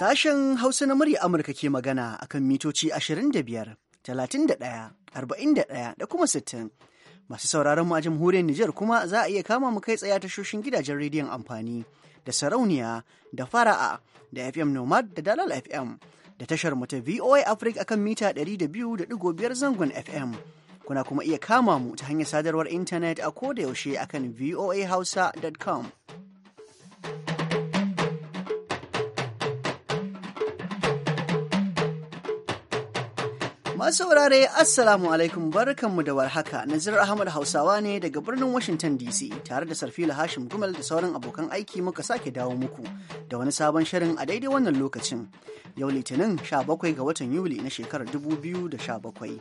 Sashen Hausa na murya Amurka ke magana akan mitoci 25, 31, 41 da kuma 60. Masu sauraron mu a jamhuriyar Nijar kuma za a iya kama mu kai tsaye tashoshin gidajen rediyon amfani da sarauniya da fara'a da FM Nomad da Dalal FM da tashar mu ta VOA Africa akan mita 200.5 zangon FM. Kuna kuma iya kama mu ta hanyar sadarwar intanet a kodayaushe yaushe akan voahausa.com. Masu saurare Assalamu alaikum barkanmu da warhaka Nazir Ahmad Hausawa ne daga birnin Washington DC tare da Sarfila Hashim Gumel da sauran abokan aiki muka sake dawo muku da wani sabon shirin a daidai wannan lokacin. Yau Litinin 17 ga watan Yuli na shekarar 2017.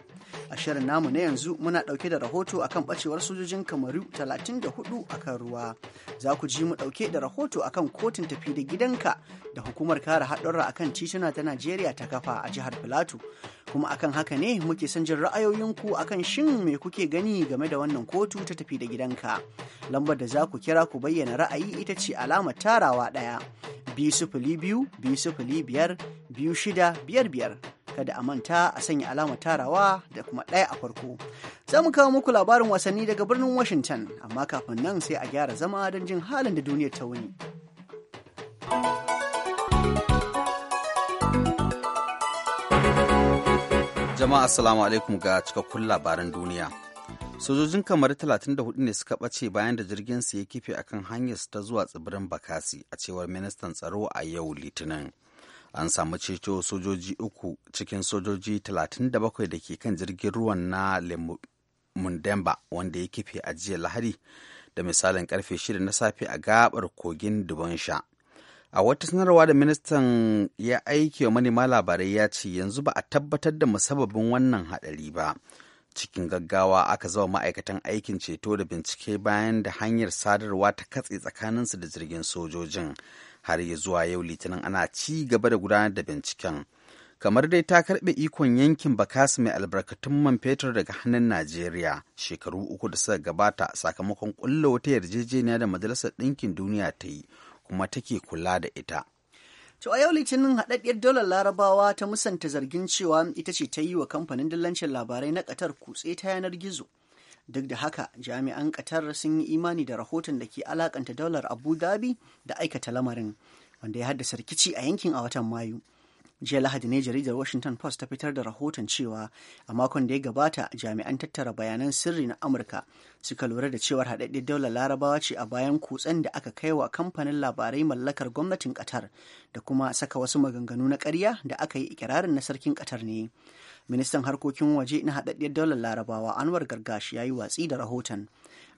A shirin namu na yanzu muna dauke da rahoto akan ɓacewar sojojin Kamaru 34 akan ruwa. Za ku ji mu ɗauke da rahoto akan kotun tafi da gidanka da hukumar kare haɗurra akan tituna ta Najeriya ta kafa a jihar Filato. Kuma akan haka haka ne muke son jin ra'ayoyinku akan shin me kuke gani game da wannan kotu ta tafi da gidanka. Lambar da za ku kira ku bayyana ra'ayi ita ce alamar tarawa ɗaya. Biyu biyu, biyu biyar, biyu shida, biyar biyar. kada a manta a sanya alama tarawa da kuma ɗaya a farko. Za mu kawo muku labarin wasanni daga birnin Washington, amma kafin nan sai a gyara zama don jin halin da duniyar ta wuni. Jama'a assalamu alaikum ga cikakkun labaran duniya. Sojojin kamar 34 ne suka ɓace bayan da jirgin su ya kife akan hanyar su ta zuwa tsibirin Bakasi a cewar ministan tsaro a yau Litinin. An samu ceto sojoji uku cikin sojoji 37 da ke kan jirgin ruwan na Mundemba wanda ya kife a jiya Lahadi da misalin karfe 6 na safe a gabar kogin Dubansha. a wata sanarwa da ministan ya aiki wa manema labarai ya ce yanzu ba a tabbatar da musababin wannan hadari ba cikin gaggawa aka zama ma'aikatan aikin ceto da bincike bayan da hanyar sadarwa ta katse tsakaninsu da jirgin sojojin har ya zuwa yau litinin ana ci gaba da gudanar da binciken kamar dai ta karbe ikon yankin bakasu mai albarkatun man fetur daga hannun najeriya shekaru uku da suka gabata sakamakon ƙulla wata yarjejeniya da majalisar ɗinkin duniya ta yi kuma take kula da ita. To a yau litinin haɗaɗɗiyar daular larabawa ta musanta zargin cewa ita ce ta yi wa kamfanin dillancin labarai na Qatar kutse ta yanar gizo. Duk da haka jami'an Qatar sun yi imani da rahoton da ke alakanta daular Abu Dhabi da aikata lamarin wanda ya haddasa rikici a yankin a watan Mayu. jiya lahadi ne jaridar washington post ta fitar da rahoton cewa a makon da ya gabata jami'an tattara bayanan sirri na amurka suka lura da cewar haɗaɗɗen daular larabawa ce a bayan kutsen da aka kai wa kamfanin labarai mallakar gwamnatin qatar da kuma saka wasu maganganu na ƙarya da aka yi ikirarin na sarkin qatar ne ministan harkokin waje na haɗaɗɗiyar daular larabawa anwar gargashi ya yi watsi da rahoton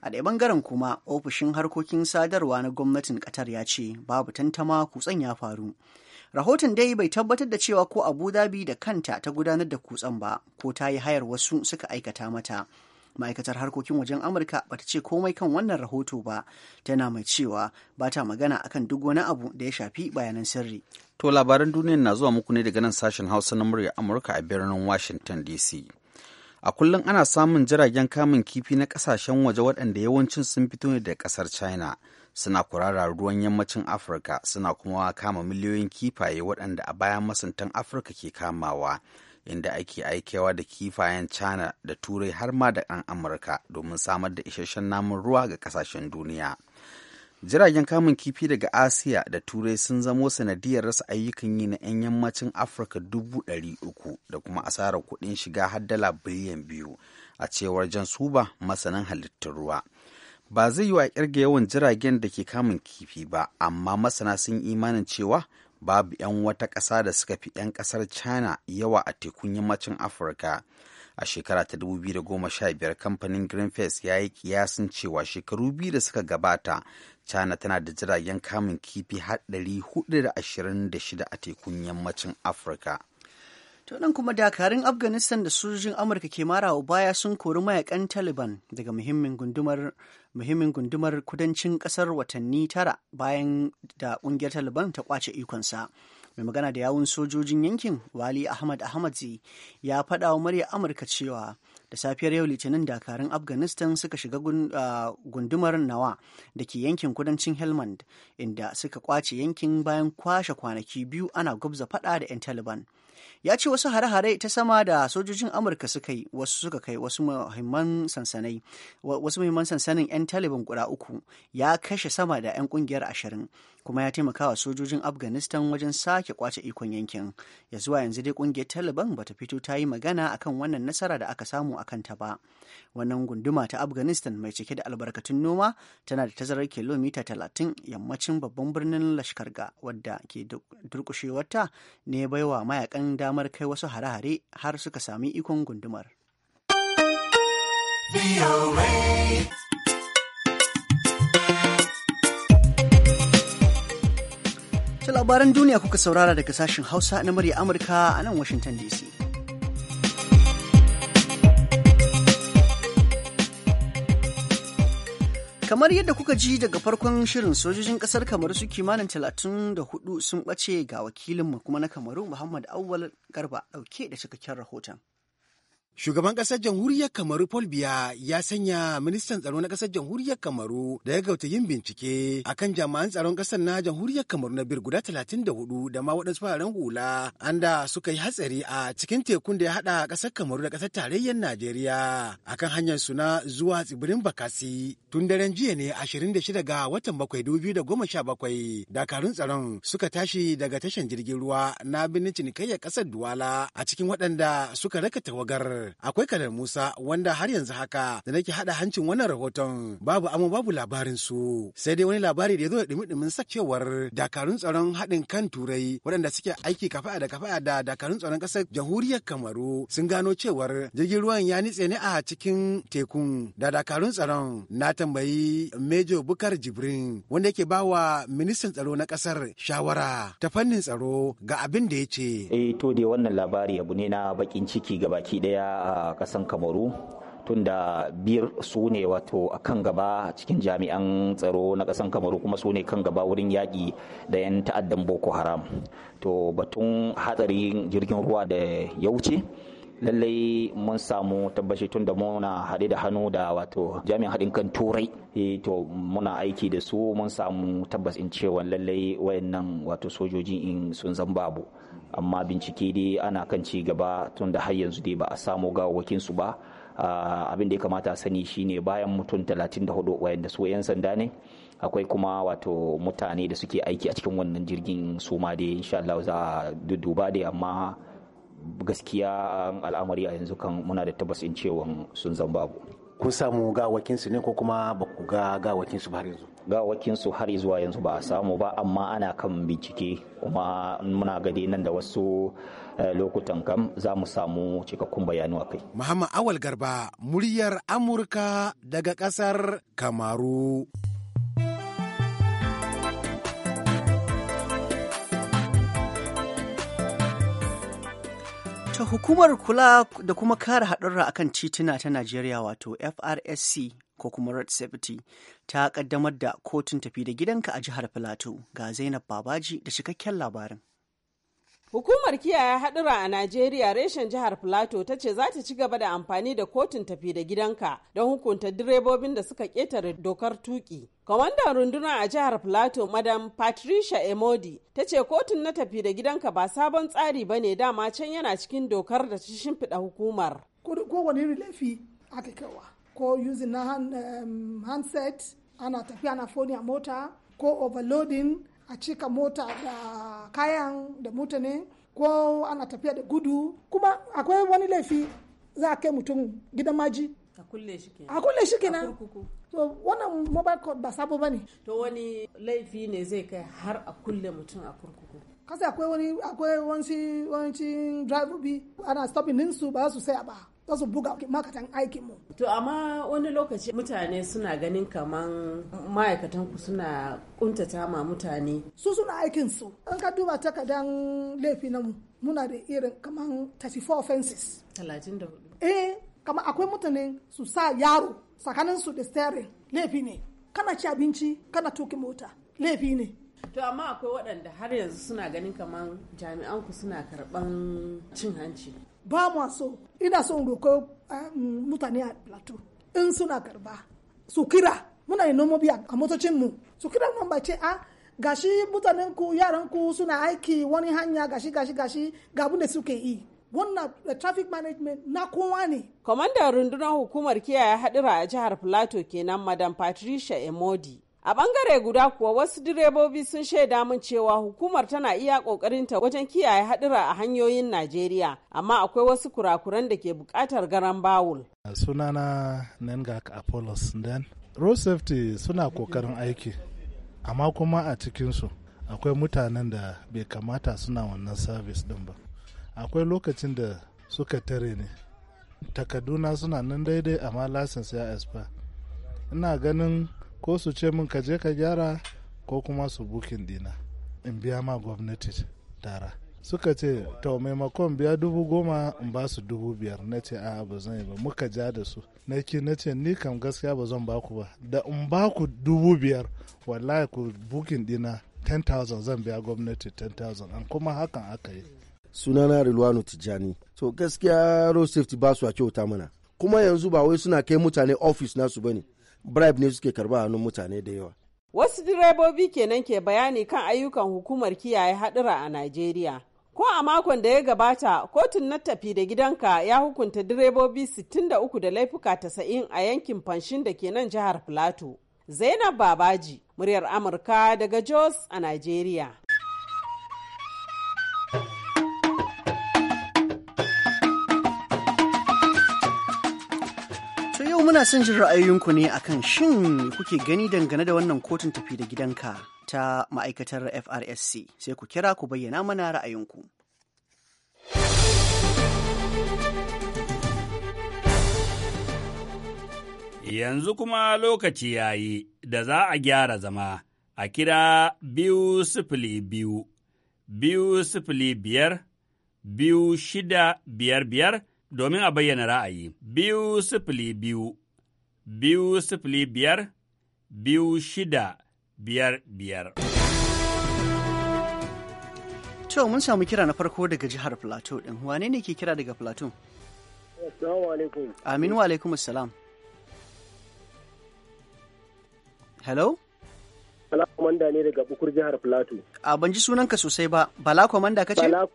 a ɗaya bangaren kuma ofishin harkokin sadarwa na gwamnatin qatar ya ce babu tantama kutsen ya faru Rahoton dai bai tabbatar da cewa ko Abu Dhabi da kanta ta gudanar da kutsan ba ko ta yi hayar wasu suka aikata mata. ma'aikatar harkokin wajen amurka ba ta ce komai kan wannan rahoto ba tana mai cewa ba ta magana akan duk wani abu da ya shafi bayanan sirri to labaran duniya na zuwa muku ne daga nan sashen hausa na murya amurka a birnin washington dc a kullum ana samun jiragen kamun kifi na kasashen waje waɗanda yawancin sun fito ne daga ƙasar china suna kurara ruwan yammacin afirka suna kuma kama miliyoyin kifaye waɗanda a baya masuntan afirka ke kamawa inda ake aikewa da kifayen china da turai har ma da ɗan amurka domin samar da isasshen namun ruwa ga ƙasashen duniya jiragen kamun kifi daga asiya da turai sun zamo sanadiyar rasa ayyukan yi na 'yan yammacin afirka dubu ɗari uku da kuma asarar kuɗin shiga har dala biliyan biyu a cewar jan suba masanin halittar ruwa ba zai yi wa kirga yawan jiragen da ke kamun kifi ba amma masana sun imanin cewa babu 'yan wata ƙasa da suka fi 'yan ƙasar china yawa a tekun yammacin afirka a shekara ta 2015 kamfanin greenpeace ya yi kiyasin cewa shekaru biyu da suka gabata china tana da jiragen kamun kifi har 426 a tekun yammacin afirka To nan kuma dakarun Afghanistan da sojojin Amurka ke marawa baya sun kori mayakan Taliban daga muhimmin gundumar muhimmin gundumar kudancin kasar watanni tara bayan da kungiyar Taliban ta kwace ikonsa. Mai magana da yawun sojojin yankin Wali Ahmad Ahmadzi ya faɗa wa murya Amurka cewa da safiyar yau litinin dakarun afghanistan suka shiga ah, gundumar nawa da ke yankin kudancin helmand inda suka kwace yankin bayan kwashe kwanaki biyu ana gwabza faɗa da 'yan taliban ya ce wasu hare-hare ta sama da sojojin amurka suka yi wasu suka kai wasu muhimman sansanai wasu muhimman sansanin 'yan taliban guda uku ya kashe sama da 'yan kungiyar ashirin kuma ya taimaka wa sojojin afghanistan wajen sake kwace ikon yankin ya zuwa yanzu dai kungiyar taliban bata fito ta yi magana akan wannan nasara da aka samu a kanta ba wannan gunduma ta afghanistan mai cike da albarkatun noma tana da tazarar kilomita talatin yammacin babban birnin lashkarga wadda ke durkushewarta ne baiwa mayakan damar kai wasu hare-hare har suka sami ikon gundumar. To labaran duniya kuka saurara daga sashen Hausa na murya Amurka a nan Washington DC. Kamar yadda kuka ji daga farkon shirin sojojin kasar Kamaru su kimanin talatin da hudu sun ɓace ga wakilinmu kuma na Kamaru Muhammad Awwal Garba ɗauke da cikakken rahoton. Shugaban ƙasar jamhuriyar Kamaru Paul Biya ya sanya ministan tsaro na ƙasar jamhuriyar Kamaru da ya gauta yin bincike akan jami'an tsaron ƙasar na jamhuriyar Kamaru na bir guda 34 da ma waɗansu fararen hula anda suka yi hatsari a cikin tekun da ya haɗa ƙasar Kamaru da ƙasar tarayyar Najeriya akan hanyar su na zuwa tsibirin Bakasi tun daren jiya ne ashirin da 26 ga watan bakwai da sha bakwai. dakarun tsaron suka tashi daga tashan jirgin ruwa na birnin cinikayyar ƙasar Duwala a cikin waɗanda suka raka tawagar akwai kanar musa wanda har yanzu haka da nake hada hancin wannan rahoton babu amma babu labarin su sai dai wani labari da ya zo da dumi-dumin sakewar dakarun tsaron haɗin kan turai waɗanda suke aiki kafa'a da kafa'a da dakarun tsaron ƙasar jamhuriyar kamaru sun gano cewar jirgin ruwan ya nitse ne a cikin tekun da dakarun tsaron na tambayi major bukar jibrin wanda yake ba wa ministan tsaro na ƙasar shawara ta fannin tsaro ga abin da ya ce. eh to dai wannan labari abu ne na bakin ciki ga baki ɗaya a kasan kamaru tunda biyar su ne wato a kan gaba cikin jami'an tsaro na kasan kamaru kuma su ne kan gaba wurin yaƙi da 'yan ta'addan boko haram to batun hatsarin jirgin ruwa da ya wuce lallai mun samu tabbashi tun da muna haɗe da hannu da wato jami'an haɗin kan turai e to muna aiki da su mun samu tabbas in cewa lallai wayannan wato sojoji in sun zan babu amma bincike dai ana kan ci gaba tun da har yanzu dai ba a samu gawawakin su ba ah, abin da ya kamata a sani shine bayan mutum 34 wayanda su 'yan sanda ne akwai kuma wato mutane da suke aiki a cikin wannan jirgin su ma dai insha Allah za a duduba dai amma gaskiya al'amari a yanzu kan muna da tabbas in cewa sun zan babu kun samu gawakin su ne ko kuma ba ku ga gawakin su ba har yanzu su har zuwa yanzu ba a samu ba amma ana kan bincike kuma muna gade nan da wasu eh, lokutan kam za mu samu cikakkun bayanu a kai. Muhammad Awal Garba muryar Amurka daga ƙasar Kamaru. Ta hukumar kula da kuma kare haɗurra akan tituna ta Najeriya wato FRSC ko kuma red safety ta kaddamar da kotun tafi da gidanka a jihar filato ga zainab babaji da cikakken labarin Hukumar kiyaye haɗura a Najeriya reshen jihar Filato ta ce za ta ci gaba da amfani da kotun tafi da gidanka don hukunta direbobin da suka ƙetare dokar tuki. Kwamandan runduna a jihar Filato Madam Patricia Emodi ta ce kotun na tafi da gidanka ba sabon tsari ba ne dama can yana cikin dokar da ta shimfiɗa hukumar. Kowane laifi aka kawa ko using na hand, um, handset ana tafiya na foni a mota ko overloading a cika mota da kayan da mutane ko ana tafiya da gudu kuma akwai wani laifi za a kai mutum gidan maji a kulle shi kenan a kulle shi kenan to wannan mobile code ba sabo bane to wani laifi ne zai kai har a kulle mutum a kurkuku kasa akwai wani akwai wani wani driver bi ana stopping din su ba su sai a ba ta su buga makatan aikin mu to amma wani lokaci mutane suna ganin kaman ma'aikatan ku suna kuntata ma mutane su suna aikin su an ka duba takardan laifi na mu muna da irin kaman 34 offenses 34 eh kama akwai mutane su sa yaro tsakanin su da steering laifi ne kana ci abinci kana tuki mota laifi ne to amma akwai waɗanda har yanzu suna ganin kaman jami'an ku suna karɓan cin hanci ba mu so ina so in roko eh, mutane a plateau in suna karba su kira muna da nomobi a motocin mu su kira nan ba ce a ah, gashi mutanen ku yaran ku suna aiki wani hanya gashi gashi gashi ga da suke yi wannan eh, traffic management na kowa ne. Kwamandan rundunar hukumar kiyaye hadura a jihar Plateau kenan Madam Patricia Emodi. A bangare guda kuwa wasu direbobi sun shaida min cewa hukumar tana iya kokarinta wajen kiyaye hadura a hanyoyin Najeriya, amma akwai wasu kurakuran da ke bukatar garan bawul. Sunana Nengak Apollos Den. Road safety suna kokarin aiki, amma kuma a cikinsu akwai mutanen da bai kamata suna wannan sabis din ba. Akwai lokacin da suka tare ne, takaduna suna nan daidai amma lasinsu ya expire. Ina ganin ko su ce min ka je ka gyara ko kuma su bukin dina in biya ma gwamnati tara suka ce ta maimakon biya dubu goma in ba su dubu biyar na ce a ba zan yi ba muka ja da su na ki na ce ni kam gaskiya ba zan baku ba da in ba ku dubu biyar wallahi ku bukin dina 10,000 zan biya gwamnati 10,000 an kuma hakan aka yi sunana rilwano tijjani to gaskiya road safety ba su a kyauta mana kuma yanzu ba wai suna kai mutane ofis nasu bane bribe ne suke karba hannun mutane da yawa wasu direbobi kenan ke bayani kan ayyukan hukumar kiyaye hadura a najeriya ko a makon da ya gabata kotun na tafi da gidanka ya hukunta direbobi sittin da uku da laifuka 90 a yankin fanshin da ke nan jihar Filato. zainab babaji muryar amurka daga jos a najeriya muna son jin ra'ayoyinku ne akan shin kuke gani dangane da wannan kotun tafi da gidanka ta ma'aikatar FRSC sai ku kira ku bayyana mana ra'ayinku. Yanzu kuma lokaci ya yi da za a gyara zama a kira biyu sifili biyu, biyu sifili biyar, biyu shida biyar biyar domin a bayyana ra'ayi, biyu sifili biyu. biyu sifili biyar biyu shida biyar biyar. To mun samu kira na farko daga jihar Plateau ɗin, Wane ne ke kira daga Plateau? Assalamu alaikum. Aminu wa alaikum assalam. Hello? Bala Komanda ne daga Bukur jihar Plateau. A ban ji sunanka sosai ba. Bala Komanda kace? Bala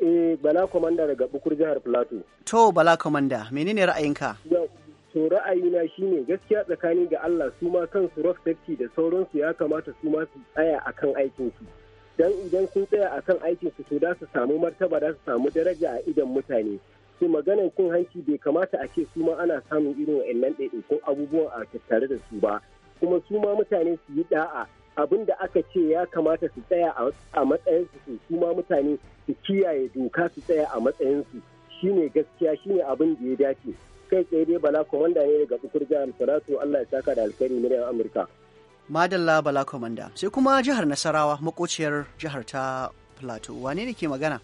Eh, Bala Komanda daga Bukur jihar Plateau. To Bala Komanda, menene ra'ayinka? Yau, so ra'ayina shine gaskiya tsakani ga Allah su ma su rock safety da sauransu ya kamata su ma su tsaya akan aikin su dan idan sun tsaya akan aikin su to da su samu martaba da su samu daraja a idan mutane su maganan cin hanci bai kamata a ce su ma ana samun irin wa'annan ɗaiɗaikun abubuwan a tattare da su ba kuma su ma mutane su yi da'a abin da aka ce ya kamata su tsaya a matsayinsu su su ma mutane su kiyaye doka su tsaya a matsayinsu shine gaskiya shine abin da ya dace kai tsaye dai bala komanda ne daga bukur jihar salatu allah ya saka da alkhairi miliyan amurka madalla bala komanda sai kuma jihar nasarawa makociyar jihar ta plateau wane ne ke magana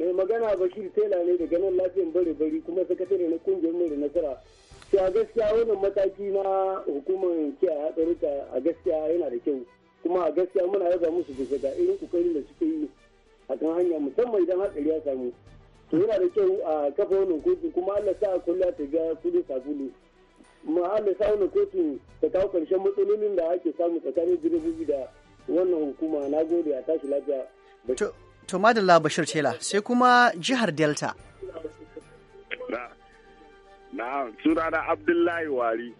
mai magana bashir tela ne daga nan lafiyan bare bari kuma sakatare na kungiyar mai da nasara sai a gaskiya wannan mataki na hukumar kiyaye hatsarika a gaskiya yana da kyau kuma a gaskiya muna yaba musu bisa ga irin kokarin da suke yi a kan hanya musamman idan hatsari ya samu to yana da kyau a kafa wannan kotun kuma Allah sa kullum ta ga kudi sabulu mu Allah sa wannan kotun ta kawo karshen matsalolin da ake samu tsakanin direbobi da wannan hukuma na gode a tashi lafiya to madalla bashir tela sai kuma jihar delta na'am sunana abdullahi wari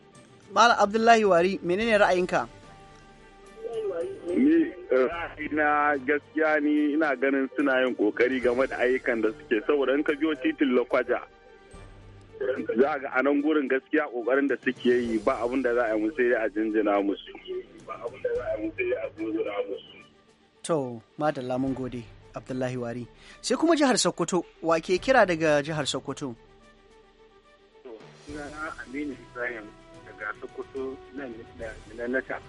malam abdullahi wari menene ra'ayinka na gaskiya ni ina ganin suna yin kokari game da ayyukan da suke saboda in ka biyo titin lokwaja za ga a nan gurin gaskiya kokarin da suke yi ba abin da za a yi musu sai a jinjina musu to madalla mun gode abdullahi wari sai kuma jihar sokoto wa ke kira daga jihar sokoto sunana aminu ibrahim daga sokoto nan na nata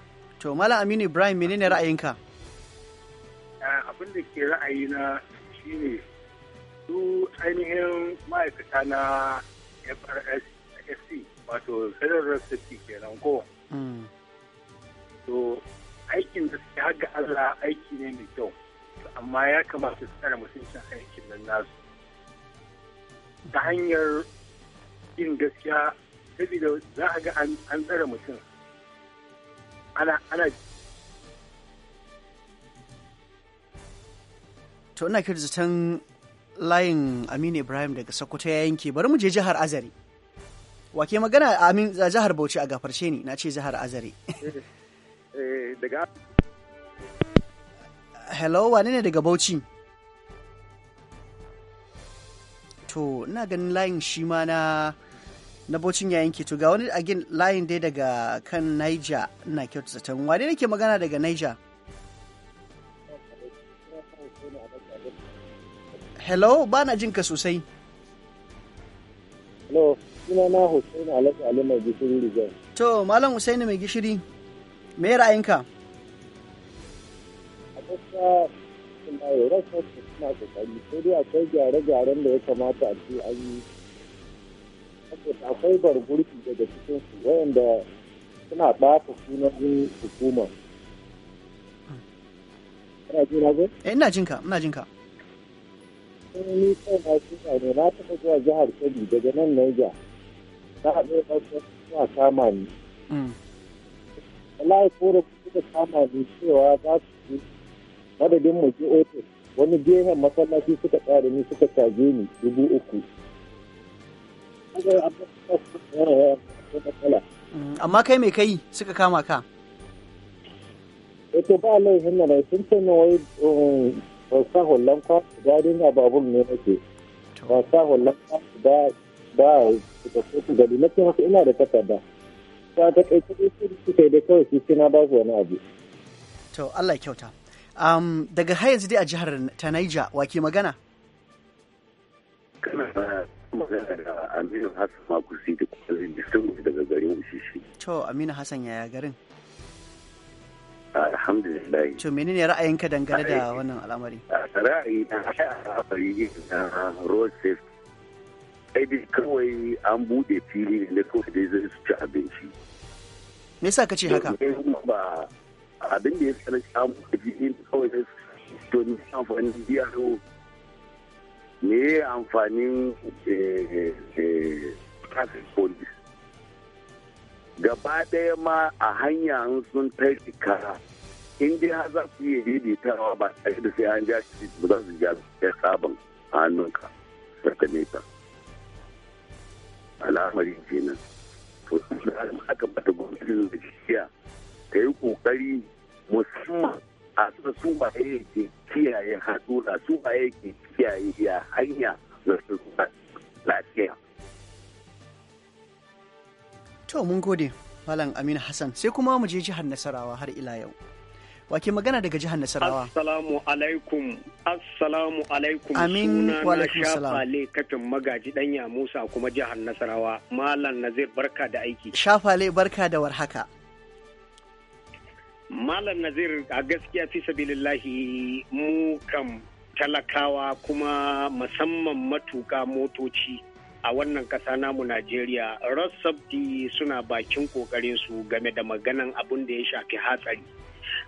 To Malam Aminu Ibrahim menene ra'ayinka? Eh, abin da ke ra'ayina shine su ainihin ma'aikata na FRSC wato Federal Safety kenan ko. Mm. To aikin da suke haga Allah aiki ne mai kyau. Amma ya kamata su tsara mutuncin aikin nan nasu. Ta hanyar yin gaskiya sabida za a ga an tsara mutum ana ana to ina kira zaton layin Aminu Ibrahim daga Sokoto ya yanke bari mu je jihar Azare wake magana Amin za jihar Bauchi a gafarce ne? na ce jihar Azare eh, daga Hello wane ne daga Bauchi to ina ganin layin shi ma na na bocin yayin ke to ga wani again layin dai daga kan Niger ina kyautu zaton wane nake magana daga Niger Hello ba na jin ka sosai Hello ina na Hussein Alhaji Ali mai gishiri Rizal. To Malam Hussein mai gishiri me ra'ayinka A gaskiya ina yi rasa suna kokari sai dai akwai gyare-gyaren da ya kamata a ci an yi akwai gurki daga cikin su wayanda suna ɓata sunan hukuma. Ina ji na eh, Ina ka. ina eh, Ni kai na suna ne na taɓa zuwa jihar Kebbi daga nan naija Na haɗu da suna kama ni. Mm. Wallahi kore suka kama ni cewa za su je madadin mu je otel wani gehen masallaci suka tsare ni suka caje ni dubu uku. Mm, amma kai mai kai suka kama ka to ba laifin nan sun ce ne wai wasa um, hullan kwa da dinga ne nake wasa hullan kwa da da da su gari nake haka ina da takarda ta ta kai kai su kai da kawai su na ba su wani abu to Allah kyauta um, daga har yanzu dai a jihar ta Niger wake magana Aminu Hassan Makusi da kwallon distinguish daga garin Ushishi. To Aminu Hassan yaya garin? Alhamdulillah. To menene ra'ayinka dangane da wannan al'amari? Ra'ayi na al'amari na road safety. Ai kawai an bude fili ne kawai dai zai su ci abinci. Me yasa ka ce haka? Ba abin da ya sanar an buɗe fili ne kawai zai su ci to ni amfani biya me yi amfanin eh, eh, traffic police gaba ɗaya ma a hanya sun tashi kara in dai har za su iya daidaitawa ba tare da sai an ja shi ba za su ja ya sabon a hannunka daga nesa al'amari kenan to aka bata gwamnati da shiya ta yi kokari musamman a su ba yake kiyaye hadura su ba yake kiyaye ya hanya na su lafiya. To mun gode Malam Aminu Hassan sai kuma mu je jihar Nasarawa har ila yau. Wake magana daga jihar Nasarawa. Assalamu alaikum. Assalamu alaikum. Amin wa alaikum salam. Shafale katin magaji danya Musa kuma jihar Nasarawa. Malam Nazir barka da aiki. Shafale barka da warhaka. Malam Nazir a gaskiya fi sabilillahi mu kam talakawa kuma musamman matuka motoci a wannan ƙasa namu Najeriya rassabdi suna bakin su game da maganan abin da ya shafi hatsari.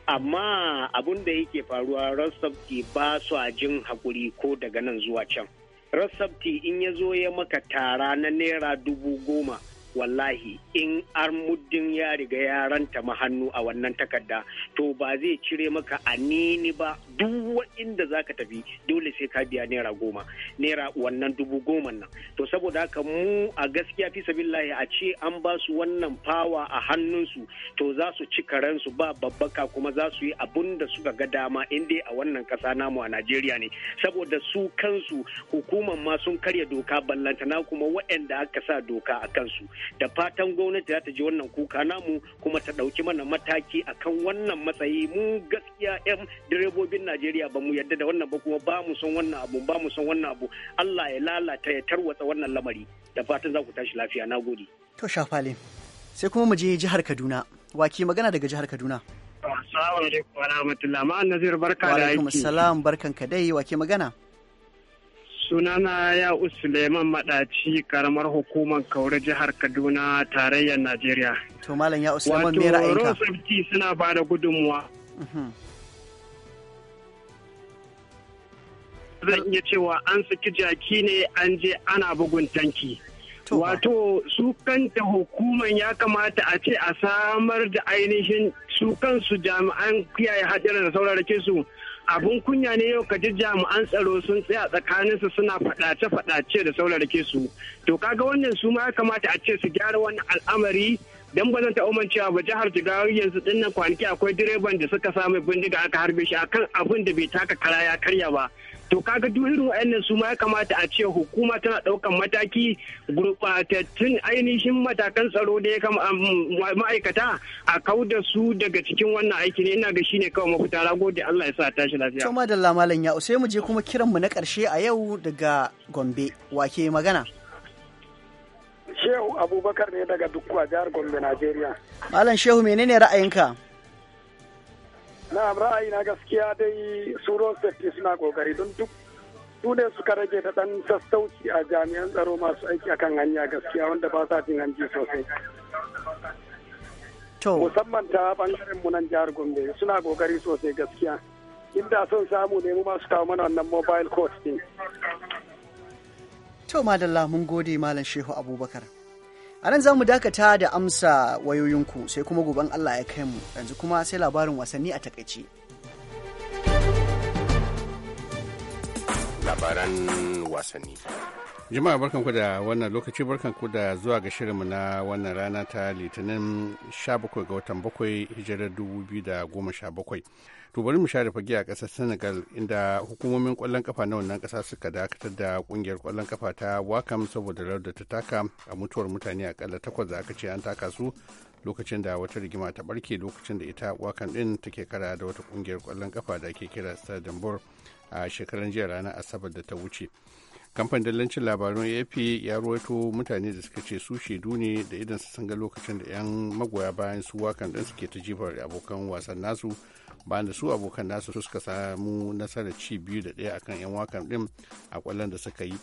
Amma abin da yake faruwa rassabdi ba su a jin haƙuri ko daga nan zuwa can. rasabti in ya zo ya maka tara na naira dubu goma wallahi in armuddin ya riga ya ranta hannu a wannan takarda to ba zai cire maka a nini ba duk inda za ka tafi dole sai ka biya naira goma naira wannan dubu goma nan to saboda haka mu a gaskiya fi sabillahi a ce an ba su wannan fawa a hannunsu to za su ci karensu ba babbaka kuma za su yi abun da suka ga dama in dai a wannan kasa namu a najeriya ne saboda su kansu hukumar ma sun karya doka ballantana kuma waɗanda aka sa doka a kansu da fatan gwamnati za ta ji wannan kuka namu kuma ta ɗauki mana mataki akan wannan matsayi mu gaskiya 'yan direbobin najeriya ba mu yadda da wannan ba kuma ba mu son wannan abu ba mu son wannan abu allah ya lalata ya tarwatsa wannan lamari da fatan za ku tashi lafiya na gode to shafale sai kuma mu je jihar kaduna waki magana daga jihar kaduna Assalamu alaikum wa rahmatullahi ma'an nazir barka da aiki. Wa alaikum assalam barkan ka dai wake magana. sunana ya Suleiman maɗaci karamar hukumar kauri jihar kaduna tarayyar najeriya to malam ya Suleiman me ra'ayinka wato suna ba da gudunmuwa mhm. zan iya cewa an saki jaki ne an je ana bugun tanki wato su kanta hukuman ya kamata a ce a samar da ainihin su kansu jami'an kiyaye hadarin da saurarake su abun kunya ne yau ka jami'an tsaro sun tsaya tsakaninsu suna faɗace-faɗace da saurarake su to kaga wannan su ma ya kamata a ce su gyara wannan al'amari dan bazan zan ta umancewa ba jihar jigawa yanzu dinnan kwanaki akwai direban da suka samu bindiga aka harbe shi akan abin da bai taka kara ya karya ba to kaga duk irin wa'annan su ma ya kamata a ce hukuma tana ɗaukan mataki gurbatattun ainihin matakan tsaro da ya kama ma'aikata a kau da su daga cikin wannan aiki ne ina ga shi ne kawai mafita rago da Allah ya sa tashi lafiya. Kuma da lamalan ya sai mu je kuma kiran mu na karshe a yau daga Gombe wake magana. Shehu Abubakar ne daga dukkuwa jihar Gombe Najeriya. Malam Shehu menene ra'ayinka? na'am ra'ayi na gaskiya dai su road suna kokari don duk su ne suka rage da dan sassauci a jami'an tsaro masu aiki akan hanya gaskiya wanda ba sa jin hanji sosai musamman ta bangaren mu nan jihar gombe suna kokari sosai gaskiya inda son samu ne mu masu kawo mana wannan mobile court din to madalla mun gode malam shehu abubakar a nan za mu dakata da amsa wayoyinku sai kuma goben allah ya kai mu yanzu kuma sai labarin wasanni a takaice labaran wasanni Jama'a barkanku da wannan lokaci barkanku da zuwa ga shirinmu na wannan rana ta Litinin 17 ga watan 7 hijirar 2017. To bari mu share fage a ƙasar Senegal inda hukumomin ƙwallon kafa na wannan ƙasa suka dakatar da ƙungiyar ƙwallon kafa ta Wakam saboda rawar da ta taka a mutuwar mutane akalla takwas da aka ce an taka su lokacin da wata rigima ta barke lokacin da ita Wakam ɗin take kara da wata ƙungiyar ƙwallon kafa da ake kira Stade a shekaran jiya ranar Asabar da ta wuce. kamfan dallancin labarun ap ya ruwaito mutane da suka ce su shaidu ne da idan su ga lokacin da 'yan magoya bayan su wakan ɗin suke ta jifar abokan wasan nasu bayan da su abokan nasu su suka samu nasarar ci biyu da ɗaya akan 'yan wakan din a kwallon da suka yi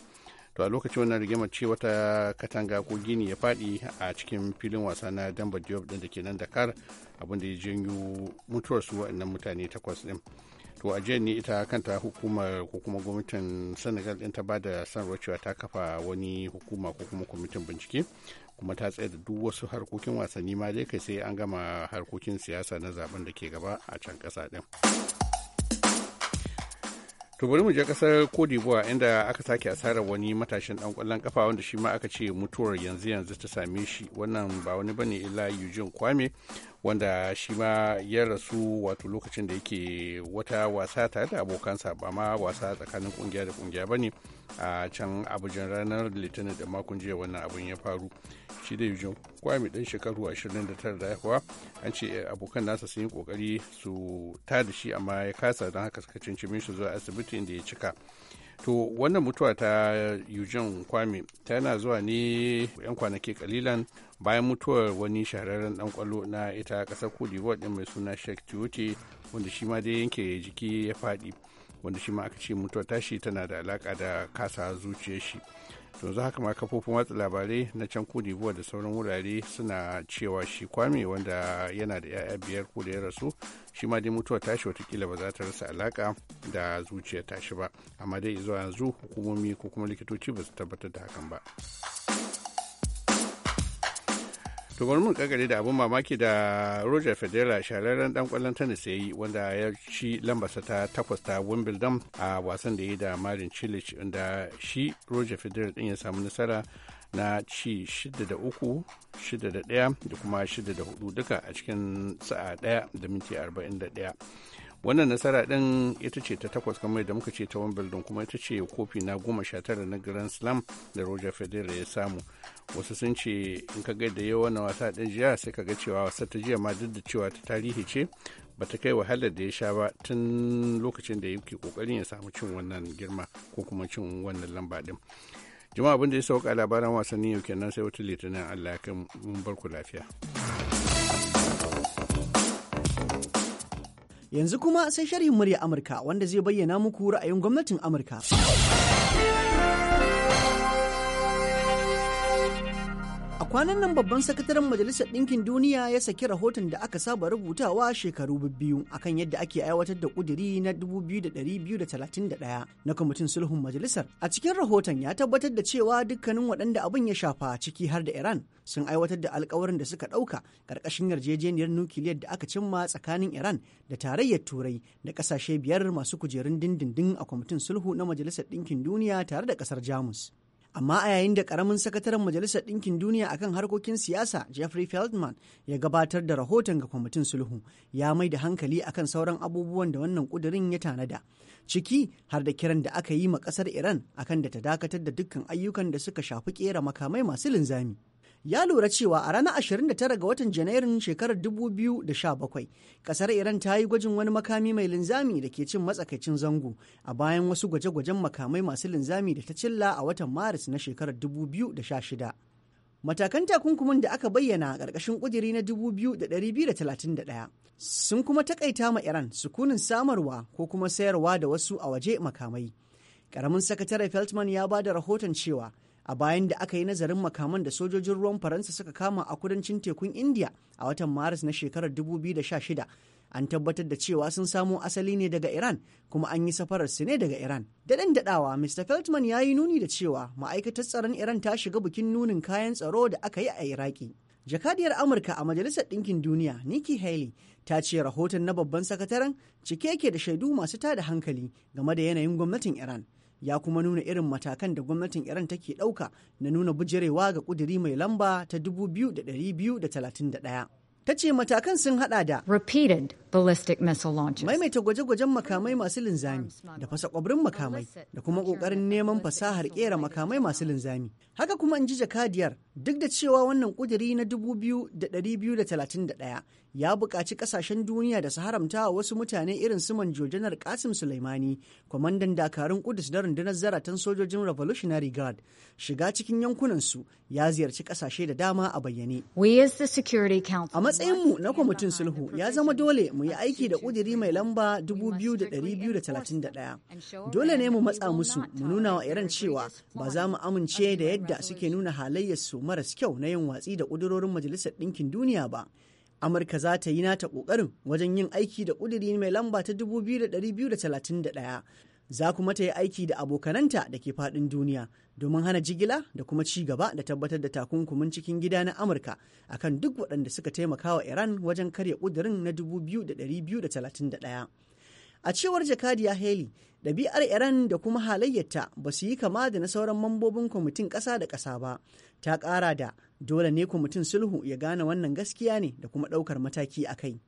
to a lokacin wannan rigimar ce wata katanga ko gini ya faɗi a cikin filin wasa na damba diop din da ke nan dakar abinda ya janyo mutuwar su wa'annan mutane takwas ɗin to a jiya ne ita kanta hukumar ko kuma gwamnatin senegal ɗin ta ba da sanarwar cewa ta kafa wani hukuma ko kuma kwamitin bincike kuma ta tsaye da duk wasu harkokin wasanni ma dai kai sai an gama harkokin siyasa na zaben da ke gaba a can kasa ɗin. to bari mu je kasar cote inda aka sake asarar wani matashin dan kwallon kafa wanda shi ma aka ce mutuwar yanzu yanzu ta same shi wannan ba wani bane illa yujin kwame wanda shi ma ya rasu wato lokacin da yake wata wasa tare da abokansa ba ma wasa tsakanin kungiya da kungiya ba ne a can abujan ranar litinin da makon jiya wannan abin ya faru shi da yujin kwami dan shekaru 29 da haihuwa an ce eh, abokan nasa sun yi kokari su ta da shi amma ya kasa don haka suka cincin shi zuwa asibiti inda ya cika to wannan mutuwa ta yujin kwami tana zuwa ne yan kwanaki kalilan bayan mutuwar wani shahararren dan kwallo na ita kasar d'Ivoire din mai suna Sheikh Tuote wanda shi ma dai yanke jiki ya faɗi wanda shi ma aka ce mutuwar tashi tana da alaka da kasa zuciyar shi to za haka ma kafofin watsa labarai na can kudi d'Ivoire da sauran wurare suna cewa shi kwame wanda yana da 'ya'ya biyar ko da ya rasu shi ma dai mutuwar tashi watakila ba za ta rasa alaka da zuciya tashi ba amma dai zuwa yanzu hukumomi ko kuma likitoci ba su tabbatar da hakan ba. to bari mun kakare da abin mamaki da roger federer shahararren dan kwallon tennis ya yi wanda ya ci lambarsa ta takwas ta wimbledon a wasan da ya yi da marin chilich inda shi roger federer din ya samu nasara na ci 6 3 6 da 1 da kuma 6 da 4 duka a cikin sa'a 1 da minti 41 wannan nasara din ita ce ta takwas kamar da muka ce ta wimbledon kuma ita ce kofi na goma sha tara na grand slam da roger federer ya samu wasu sun ce in ka ga da yawa wannan wasa ɗin jiya sai ka ga cewa wasa ta jiya ma duk da cewa ta tarihi ce ba ta kai wahalar da ya sha ba tun lokacin da yake kokarin ya samu cin wannan girma ko kuma cin wannan lamba ɗin jama abin da ya sauka labaran wasannin yau kenan sai wata litinin allah ya kai mun bar ku lafiya yanzu kuma sai sharhin murya amurka wanda zai bayyana muku ra'ayin gwamnatin amurka A kwanan nan babban sakataren Majalisar Ɗinkin Duniya ya saki rahoton da aka saba rubutawa shekaru biyu akan yadda ake aiwatar da ƙudiri na 2231 na kwamitin sulhun majalisar. A cikin rahoton ya tabbatar da cewa dukkanin waɗanda abin ya shafa ciki har da Iran sun aiwatar da alkawarin da suka ɗauka ƙarƙashin yarjejeniyar nukiliyar da aka cimma tsakanin Iran da tarayyar Turai da ƙasashe biyar masu kujerun dindindin a kwamitin sulhu na Majalisar Ɗinkin Duniya tare da ƙasar Jamus. amma a yayin da karamin sakataren majalisar ɗinkin duniya akan harkokin siyasa jeffrey feldman ya gabatar da rahoton ga kwamitin sulhu ya mai da hankali akan sauran abubuwan da wannan kudirin ya tanada ciki har da kiran da aka yi ma ƙasar iran akan da ta dakatar da dukkan ayyukan da suka shafi kera makamai masu linzami ya lura cewa a ranar 29 ga watan Janairun shekarar 2017 kasar Iran ta yi gwajin wani makami mai linzami da ke cin matsakaicin zango a bayan wasu gwaje-gwajen makamai masu linzami da ta cilla a watan Maris na shekarar 2016. Matakan takunkumin da aka bayyana a ƙarƙashin ƙudiri na 2,231 sun kuma takaita ma Iran sukunin samarwa ko kuma sayarwa da wasu a waje makamai. Ƙaramin sakatare Feltman ya ba da rahoton cewa a bayan da aka yi nazarin makaman da sojojin ruwan faransa suka kama a kudancin tekun india a watan maris na shekarar 2016 an tabbatar da cewa sun samo asali ne daga iran kuma an yi safarar su ne daga iran daɗin daɗawa mr feltman ya yi nuni da cewa ma'aikatar tsaron iran ta shiga bikin nunin kayan tsaro da aka yi a iraki jakadiyar amurka a majalisar ɗinkin duniya nikki haley ta ce rahoton na babban sakataren cike yake da shaidu masu tada hankali game da yanayin gwamnatin iran ya kuma nuna irin matakan da gwamnatin iran take ɗauka na nuna bujirewa ga kuduri mai lamba ta 2231 ta ce matakan sun hada da repeated ballistic missile launches maimaita gwaje-gwajen makamai masu linzami da fasa kwabirin makamai da kuma kokarin neman fasahar kera makamai masu linzami Haka kuma in ji jakadiyar duk da cewa wannan ƙudiri na 2,231 ya buƙaci ƙasashen duniya da su haramta wa wasu mutane irin su manjojanar qasim Kasim Sulaimani, kwamandan dakarun Kudus da rundunar zaratan sojojin Revolutionary Guard, shiga cikin yankunansu ya ziyarci ƙasashe da dama a bayyane. A matsayinmu na kwamitin sulhu ya zama dole mu yi aiki da ƙudiri mai lamba 2,231. Dole ne mu matsa musu mu nuna wa irin cewa ba za mu amince da yadda yadda suke nuna halayyar su maras kyau na yin watsi da ƙudurorin Majalisar Ɗinkin Duniya ba. Amurka za ta yi nata ƙoƙarin wajen yin aiki da ƙuduri mai lamba ta ɗaya Za kuma ta yi aiki da abokananta da ke faɗin duniya domin hana jigila da kuma ci gaba da tabbatar da takunkumin cikin gida na Amurka akan duk waɗanda suka taimakawa Iran wajen karya ƙudurin na 2231. A cewar jakadiya Haley, ɗabi'ar Iran da kuma halayyarta ba su yi kama da na sauran mambobin kwamitin ƙasa da ƙasa ba. Ta ƙara da dole ne kwamitin sulhu ya gane wannan gaskiya ne da kuma ɗaukar mataki a kai.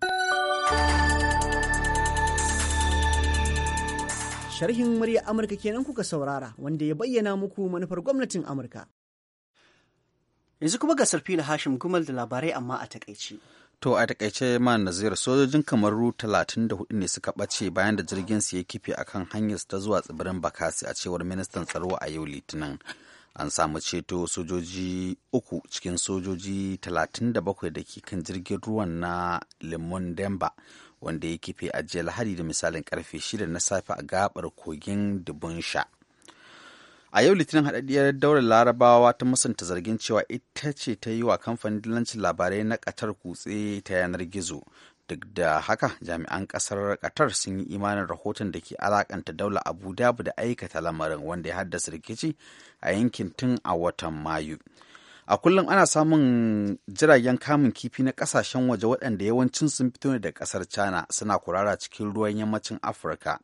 Sharhin murya Amurka kenan kuka saurara wanda ya bayyana muku manufar gwamnatin Amurka. Yanzu kuma ga Sarfila Hashim Gumal da labarai amma a takaici. To a takaice man nazir sojojin kamaru 34 ne suka ɓace bayan da jirgin su ya kife a kan hanyar su ta zuwa tsibirin Bakasi a cewar ministan tsaro a yau Litinin. An samu ceto sojoji uku cikin sojoji 37 da ke kan jirgin ruwan na Limon Demba wanda ya kife a jiya Lahadi da misalin karfe 6 na safe a gabar kogin Dubunsha. a yau litinin haɗaɗɗiyar daular larabawa ta musanta zargin cewa ita ce ta yi wa kamfanin dillancin labarai na qatar kutse ta yanar gizo duk da haka jami'an ƙasar katar sun yi imanin rahoton da ke alakanta daular abu dabu da aikata lamarin wanda ya haddasa rikici a yankin tun a watan mayu a kullum ana samun jiragen kamun kifi na kasashen waje waɗanda yawancin sun fito ne da ƙasar china suna kurara cikin ruwan yammacin afirka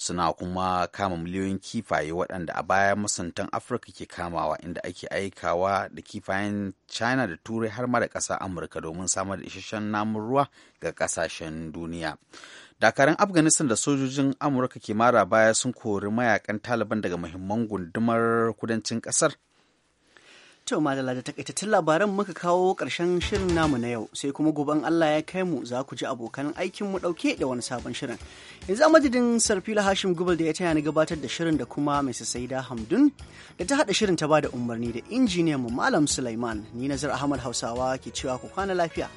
suna kuma kama miliyoyin kifaye waɗanda a baya masuntan afirka ke kamawa inda ake aikawa da kifayen china da turai har ma da ƙasa amurka domin samar da isasshen namun ruwa ga ƙasashen duniya dakarun afghanistan da sojojin amurka ke mara baya sun kori mayakan taliban daga muhimman gundumar kudancin ƙasar To madalla da takaitattun labaran muka kawo ƙarshen shirin namu na yau sai kuma guban Allah ya kai mu za ku ji abokan aikin mu ɗauke da wani sabon shirin. Yanzu a madadin Sarfila Hashim Gubal da ya taya ni gabatar da shirin da kuma Mrs. Saida Hamdun da ta haɗa shirin ta bada umarni da injiniyan mu Malam Sulaiman ni Nazar Ahmad Hausawa ke cewa ku kwana lafiya.